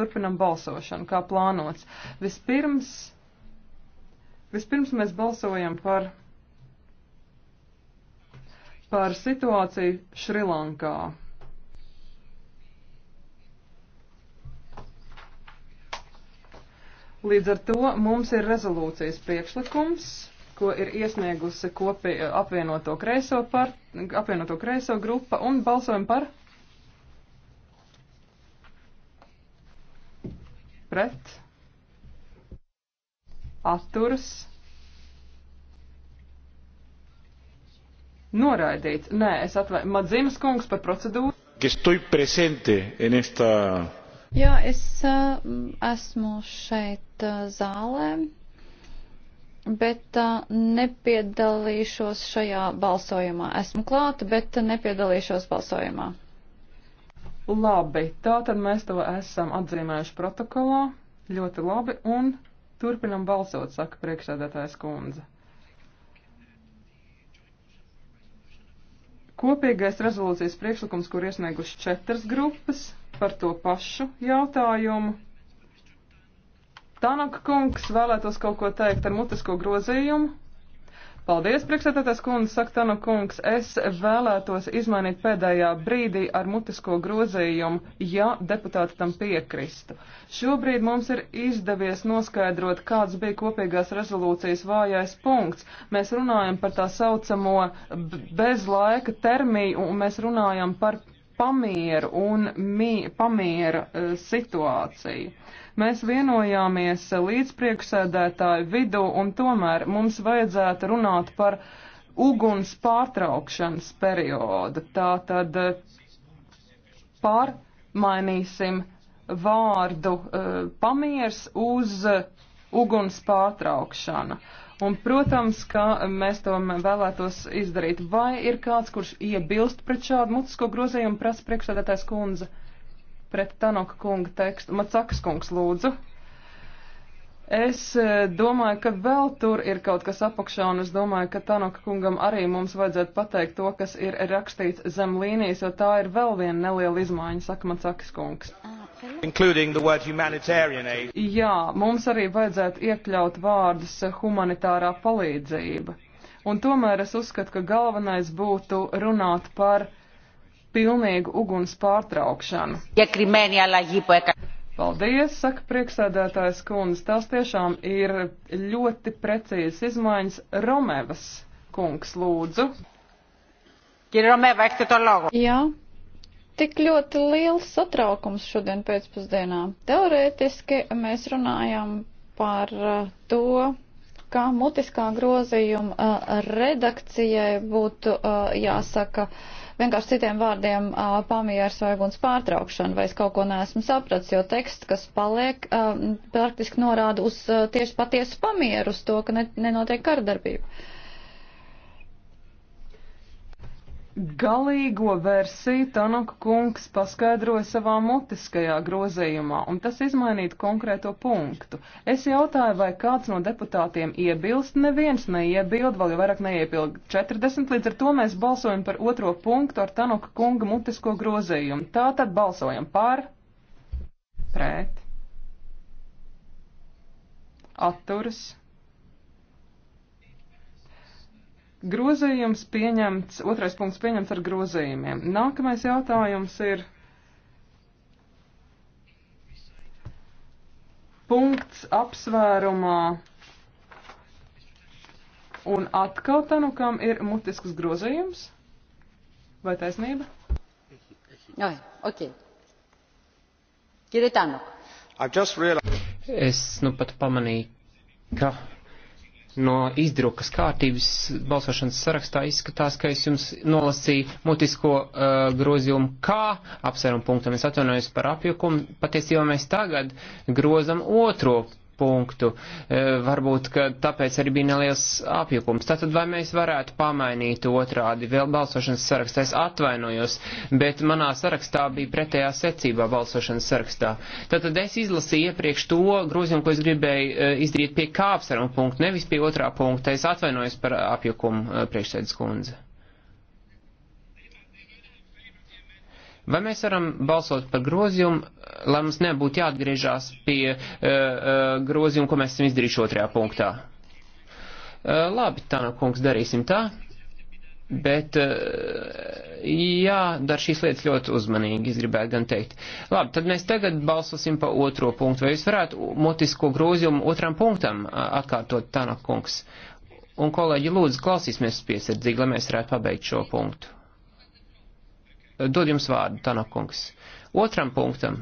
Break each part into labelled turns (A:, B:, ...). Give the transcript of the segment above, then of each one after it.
A: turpinam balsošanu, kā plānots. Vispirms, vispirms mēs balsojam par, par situāciju Šrilankā. Līdz ar to mums ir rezolūcijas priekšlikums, ko ir iesniegusi kopī apvienoto kreiso, par, apvienoto kreiso grupa un balsojam par pret, atturas, noraidīts. Nē, es atvainu, Madzīnas kungs par procedūru. Esta...
B: Jā, es eh, esmu šeit eh, zālē, bet uh, nepiedalīšos šajā balsojumā. Esmu klāta, bet nepiedalīšos balsojumā.
A: Labi, tā tad mēs to esam atzīmējuši protokolā. Ļoti labi, un turpinam balsot, saka priekšsēdētājs kundze. Kopīgais rezolūcijas priekšlikums, kur iesnieguši četras grupas par to pašu jautājumu. Tanaka kungs vēlētos kaut ko teikt ar mutisko grozījumu. Paldies, priekšsētātājs kundze, saka Tano kungs. Es vēlētos izmainīt pēdējā brīdī ar mutisko grozījumu, ja deputāti tam piekristu. Šobrīd mums ir izdevies noskaidrot, kāds bija kopīgās rezolūcijas vājais punkts. Mēs runājam par tā saucamo bezlaika termiju un mēs runājam par pamieru un mī, pamiera uh, situāciju. Mēs vienojāmies līdzpriekšsēdētāju vidū, un tomēr mums vajadzētu runāt par uguns pārtraukšanas periodu. Tā tad eh, pārmainīsim vārdu eh, pamiers uz eh, uguns pārtraukšana. Un, protams, ka mēs to vēlētos izdarīt. Vai ir kāds, kurš iebilst pret šādu mutisko grozījumu, prasa priekšsēdētājs kundze? Uh, pret Tanoka kunga tekstu. Macakas kungs, lūdzu. Es e, domāju, ka vēl tur ir kaut kas apakšā, un es domāju, ka Tanoka kungam arī mums vajadzētu pateikt to, kas ir rakstīts zem līnijas, jo tā ir vēl viena neliela izmaiņa, saka Macakas kungs. Jā, mums arī vajadzētu iekļaut vārdus humanitārā palīdzība. Un tomēr es uzskatu, ka galvenais būtu runāt par pilnīgu uguns pārtraukšanu. Paldies, saka prieksēdētājs kundze. Tās tiešām ir ļoti precīzas izmaiņas. Romevas kungs, lūdzu.
B: Jā, tik ļoti liels satraukums šodien pēcpusdienā. Teorētiski mēs runājam par uh, to, kā mutiskā grozījuma uh, redakcijai būtu uh, jāsaka Vienkārši citiem vārdiem pamieras vai uguns pārtraukšana, vai es kaut ko neesmu sapratis, jo teksts, kas paliek, praktiski norāda uz tieši patiesu pamieru, uz to, ka nenotiek kardarbība.
A: Galīgo versiju Tanaka kungs paskaidroja savā mutiskajā grozījumā, un tas izmainītu konkrēto punktu. Es jautāju, vai kāds no deputātiem iebilst, neviens neiebild, vēl jau vairāk neiebild 40, līdz ar to mēs balsojam par otro punktu ar Tanaka kunga mutisko grozījumu. Tā tad balsojam par, pret, atturas Grozījums pieņemts, otrais punkts pieņemts ar grozījumiem. Nākamais jautājums ir punkts apsvērumā. Un atkal tanukam ir mutisks grozījums. Vai taisnība? Jā, ok. Kiri tanuk. Es
B: nu pat pamanīju, ka no izdrukas kārtības balsošanas sarakstā izskatās, ka es jums nolasīju mutisko uh, grozījumu kā apsvērumu punktam. Es atvainojos par apjukumu. Patiesībā mēs tagad grozam otro punktu. E, varbūt, ka tāpēc arī bija neliels apjukums. Tātad vai mēs varētu pamainīt otrādi vēl balsošanas sarakstā? Es atvainojos, bet manā sarakstā bija pretējā secībā balsošanas sarakstā. Tātad es izlasīju iepriekš to grozījumu, ko es gribēju e, izdarīt pie kāpsaruma punktu, nevis pie otrā punkta. Es atvainojos par apjukumu e, priekšsēdus kundze. Vai mēs varam balsot par grozījumu, lai mums nebūtu jāatgriežās pie uh, eh, uh, eh, grozījuma, ko mēs esam izdarījuši otrajā punktā? Uh, labi, tā nav kungs, darīsim tā, bet uh, jādara šīs lietas ļoti uzmanīgi, es gribētu gan teikt. Labi, tad mēs tagad balsosim par otro punktu. Vai jūs varētu motisko grozījumu otram punktam uh, atkārtot, tā nav kungs? Un kolēģi, lūdzu, klausīsimies piesardzīgi, lai mēs varētu pabeigt šo punktu dod jums vārdu, Tanakungs. Otram punktam,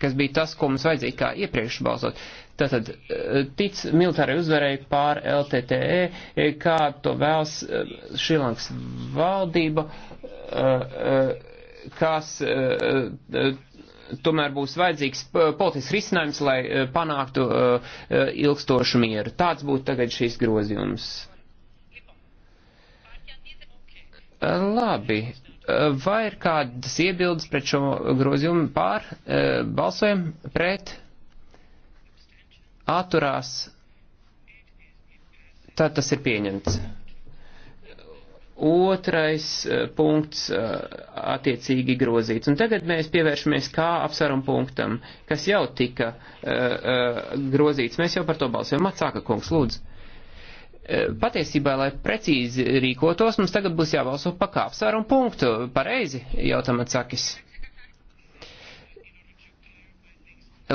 B: kas bija tas, ko mums vajadzēja kā iepriekš balsot, tātad eh, tic militārai uzvarēji pār LTTE, eh, kā to vēlas eh, Šilanks valdība, kas tomēr būs vajadzīgs politisks risinājums, lai panāktu ilgstošu mieru. Tāds būtu tagad šīs grozījums. Labi, Vai ir kādas iebildes pret šo grozījumu pār e, balsojumu pret atturās? Tad tas ir pieņemts. Otrais e, punkts e, attiecīgi grozīts. Un tagad mēs pievēršamies kā apsvarum punktam, kas jau tika grozīts. Mēs jau par to balsojam. Atsāka kungs, lūdzu. Patiesībā, lai precīzi rīkotos, mums tagad būs jābalso pa kāpsvaru un punktu. Pareizi, jautā Macakis.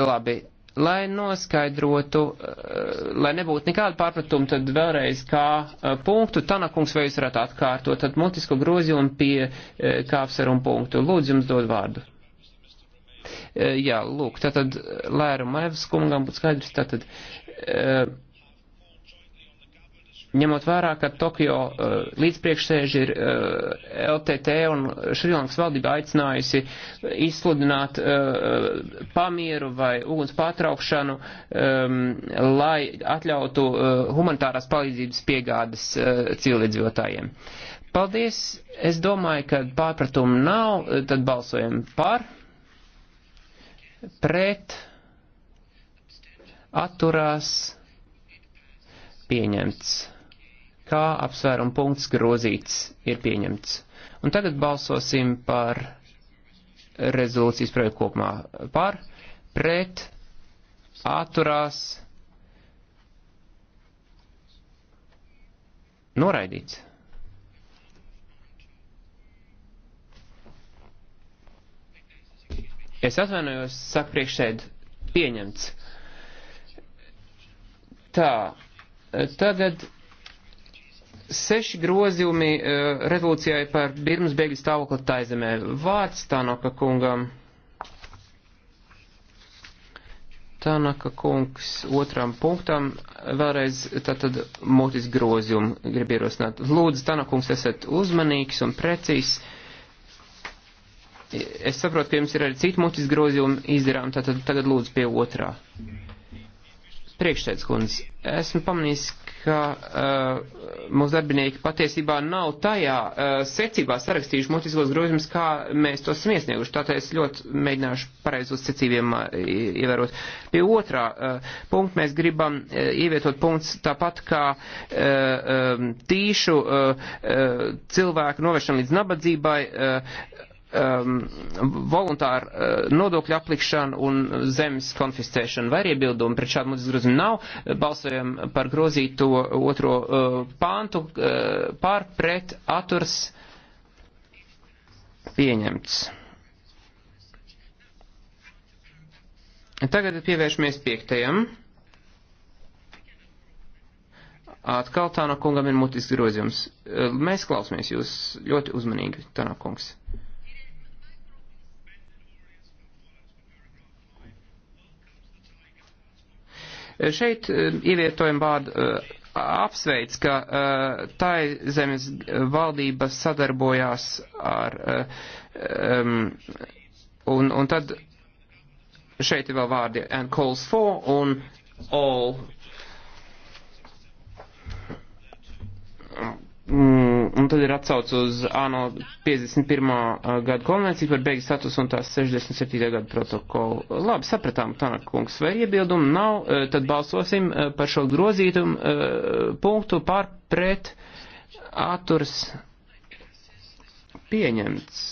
B: Labi, lai noskaidrotu, eh, lai nebūtu nekāda pārpratuma, tad vēlreiz kā eh, punktu Tanakungs vai jūs varat atkārtot, tad mutisko grozījumu pie eh, kāpsarumu punktu. Lūdzu, jums dod vārdu. Jā, lūk, tātad Lēru Maivas kungam būtu skaidrs, tātad ņemot vērā, ka Tokio uh, eh, līdzpriekšsēži ir uh, eh, LTT un Šrilankas valdība aicinājusi izsludināt uh, pamieru vai uguns pārtraukšanu, um, lai atļautu uh, humanitārās palīdzības piegādes uh, cilvēdzīvotājiem. Paldies! Es domāju, ka pārpratumu nav, tad balsojam par, pret, atturās, pieņemts kā apsvērumu punkts grozīts ir pieņemts. Un tagad balsosim par rezolūcijas projektu kopumā. Par, pret, atturās, noraidīts. Es atvainojos, saka priekšsēd, pieņemts. Tā, tagad seši grozījumi uh, eh, revolūcijai par Birmas bēgļu stāvokli taizemē. Vārds Tanaka kungam. Tanaka kungs otram punktam vēlreiz tātad mutis grozījumu grib ierosināt. Lūdzu, Tanaka kungs, esat uzmanīgs un precīzs. Es saprotu, ka jums ir arī citi mutis grozījumi izdarām, tātad tagad lūdzu pie otrā. Priekšsēdz kundze, esmu pamanījis, ka uh, mūsu darbinieki patiesībā nav tajā uh, secībā sarakstījuši mutiskos grozījumus, kā mēs tos esam iesnieguši. Tātad es ļoti mēģināšu pareizos secībiem uh, ievērot. Pie otrā uh, punkta mēs gribam uh, ievietot punkts tāpat kā uh, um, tīšu uh, uh, cilvēku novēršana līdz nabadzībai. Uh, um, voluntāru uh, nodokļu aplikšanu un zemes konfiscēšanu. Vai ir iebildumi pret šādu mutisku grozījumu? Nav. Balsojam par grozīto otro uh, pāntu. Uh, pār pret aturs pieņemts. Tagad pievēršamies piektajam. Atkal Tāna kungam ir mutisks grozījums. Uh, mēs klausamies jūs ļoti uzmanīgi, Tāna kungs. Uh, Šeit e, ievietojam vārdu e, apsveic, ka e, tā zemes valdība sadarbojās ar. Um, un, un tad šeit ir vēl vārdi and calls for un all Un tad ir atsauc uz ANO 51. gada konvenciju par beigu statusu un tās 67. gada protokolu. Labi, sapratām, Tanakungs, vai iebildumu nav, tad balsosim par šo grozītumu punktu pār pret atturs pieņemts.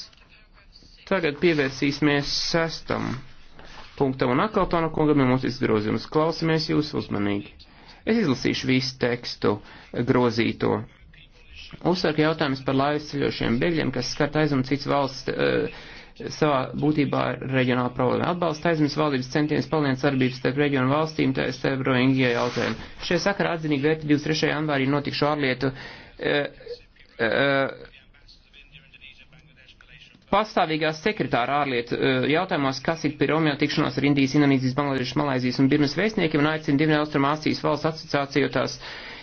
B: Tagad pievērsīsimies sestam punktam un atkal Tanakungam ir mūsu izgrozījums. Klausamies jūs uzmanīgi. Es izlasīšu visu tekstu grozīto. Uzsver, ka jautājums par laivas ceļošiem bēgļiem, kas skart aizmumu cits valsts, e, savā būtībā ir reģionāla problēma. Atbalsta aizmums valdības centienus palielināt sarbības starp reģionu valstīm, tā ir starp Rohingya jautājumu. Šie sakarā atzinīgi vērti 23. janvārī notikšo ārlietu e, eh, e, eh, pastāvīgās sekretāra ārlietu jautājumos, kas ir piromjā tikšanās ar Indijas, Indonīzijas, Bangladešas, Malaizijas un Birmas vēstniekiem un aicina Dienvidu Austrumāsijas valsts asociācijotās. tās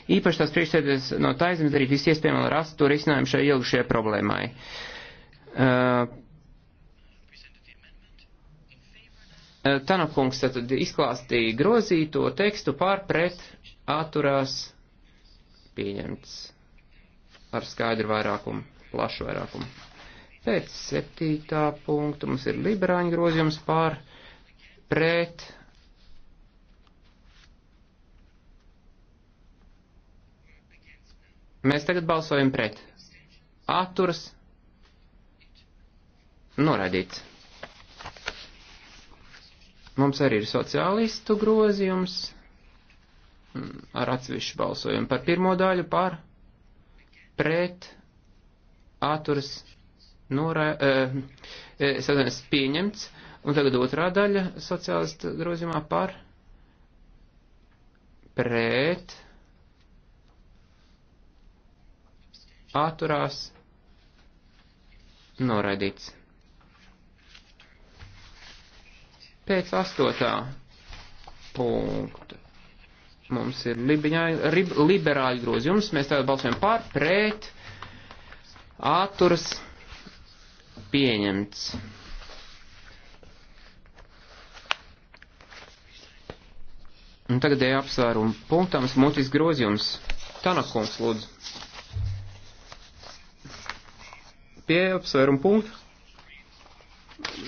B: Īpaši tās priekšsēdēs no tā aizmirst darīt visu iespējamo rast to risinājumu šai ilgušajai problēmai. Uh, uh Tanakungs tad izklāstīja grozīto tekstu pārpret atturās pieņemts ar skaidru vairākumu, plašu vairākumu. Pēc septītā punkta mums ir liberāņu grozījums pār pret Mēs tagad balsojam pret. Atturas. Noraidīts. Mums arī ir sociālistu grozījums ar atsevišķu balsojumu par pirmo daļu par pret atturas norā, uh, e, sadaļas pieņemts, un tagad otrā daļa sociālistu grozījumā par pret atturās, noraidīts. Pēc astotā punkta mums ir libiņā, rib, liberāļu grozījums, mēs tagad balsojam pār, pret, atturas, pieņemts. Un tagad ir apsvērums punktams mutis grozījums. Tanakungs lūdzu. tie apsvērumu punkti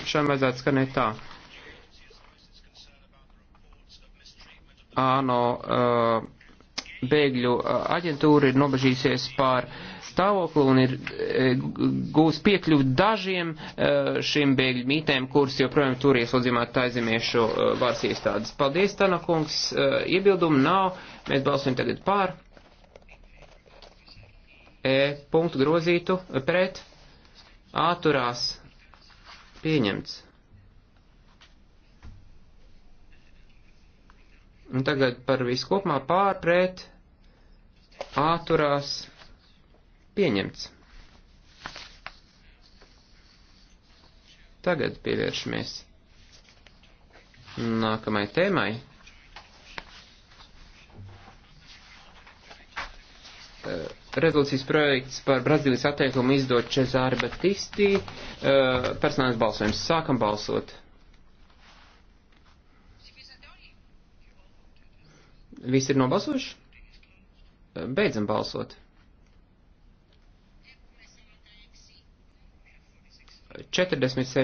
B: šiem vajadzētu skanēt tā. ANO uh, bēgļu aģentūra ir nobežīsies pār stāvokli un ir gūs piekļuvi dažiem šiem bēgļu mītēm, kuras joprojām tur ieslodzījumā taizemiešu varas iestādes. Paldies, Tana kungs, iebildumu nav, mēs balsojam tagad pār. E, punktu grozītu pret āturās pieņemts. Un tagad par viskopumā pārpret āturās pieņemts. Tagad pievēršamies nākamai tēmai. Uh, rezolūcijas projekts par Brazīlijas atteikumu izdot Čezāri Batistī. Uh, personālais balsojums. Sākam balsot. Visi ir nobalsojuši? Uh, beidzam balsot. 46